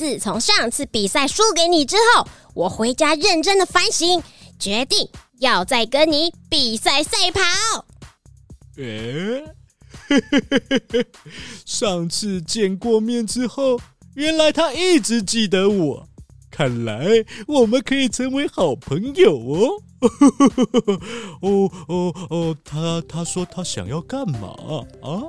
自從上次比賽輸給你之後，我回家認真的反省，決定要再跟你比賽賽跑。誒 上次見過面之後，原來他一直記得我，看來我們可以成為好朋友哦。 哦哦哦，他他說他想要幹嘛啊？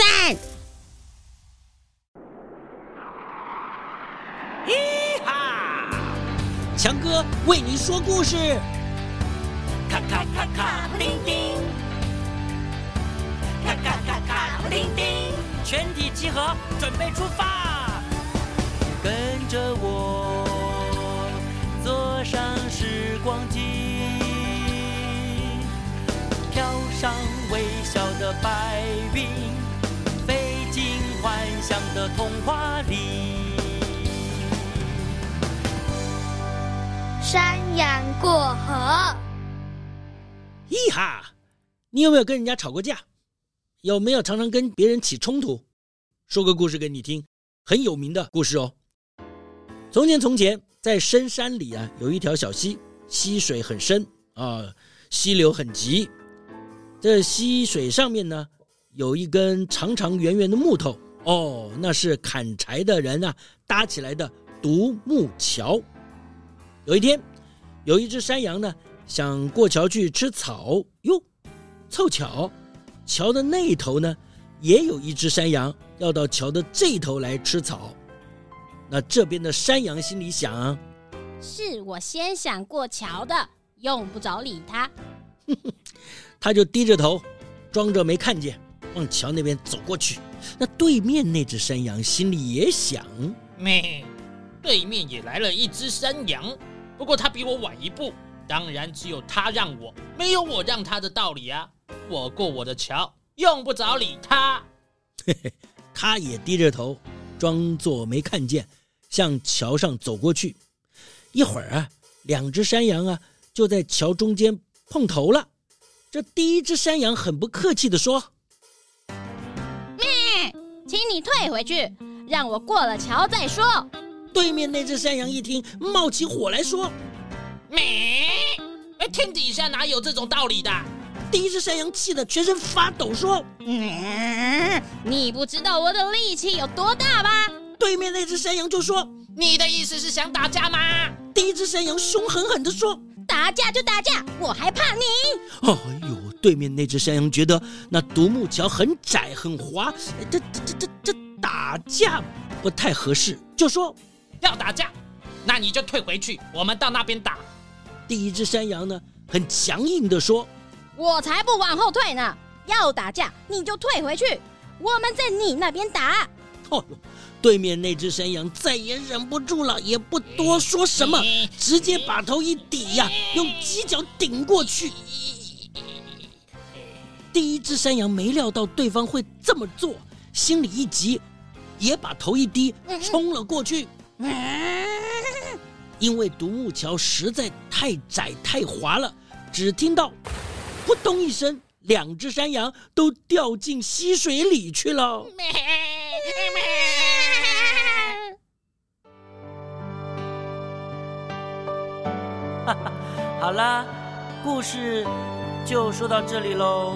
強哥為您說故事。卡卡卡卡，丁丁。卡卡卡卡，丁丁，全體集合，準備出發。跟着我，坐上時光機，飄上微笑的白雲，飛進幻想的童話裡。山羊過河，咦哈！你有沒有跟人家吵過架？有沒有常常跟別人起衝突？說個故事給你聽，很有名的故事哦。從前，從前，在深山裡啊，有一條小溪，溪水很深啊、呃，溪流很急。這溪水上面呢，有一根長長圓圓的木頭哦，那是砍柴的人啊搭起來的獨木橋。有一天，有一隻山羊呢，想過橋去吃草。喲，湊巧，橋的那一頭呢，也有一隻山羊要到橋的這頭來吃草。那這邊的山羊心裡想：“是我先想過橋的，用不着理他。”哼哼， 他就低着頭，裝着沒看見，往橋那邊走過去。那對面那隻山羊心裡也想：“咩？對面也來了一隻山羊。”不過他比我晚一步，當然只有他讓我，沒有我讓他的道理啊！我過我的橋，用不着理他。 他也低着頭，裝作沒看見，向橋上走過去。一會兒啊，兩只山羊啊就在橋中間碰頭了。這第一只山羊很不客氣地說：“咩，請你退回去，讓我過了橋再說。”對面那只山羊一聽，冒起火來說：“咩，哎，天底下哪有這種道理的？”第一只山羊氣得全身發抖說，說、嗯：“你不知道我的力氣有多大嗎？”對面那只山羊就說：“你的意思是想打架嗎？”第一只山羊凶狠狠地說：“打架就打架，我還怕你？”哎呦，對面那只山羊覺得那獨木橋很窄很滑，這這這這這打架不太合適，就說。要打架，那你就退回去，我們到那邊打。第一只山羊呢，很強硬地說：“我才不往後退呢！要打架你就退回去，我們在你那邊打。哦”哦，對面那只山羊再也忍不住了，也不多說什麼，直接把頭一抵呀、啊，用犄角頂過去。第一只山羊沒料到對方會這麼做，心裡一急，也把頭一低，衝了過去。嗯嗯因為獨木橋實在太窄太滑了，只聽到“撲通”一聲，兩隻山羊都掉進溪水裡去了。哈哈，好啦，故事就說到這裡嘍。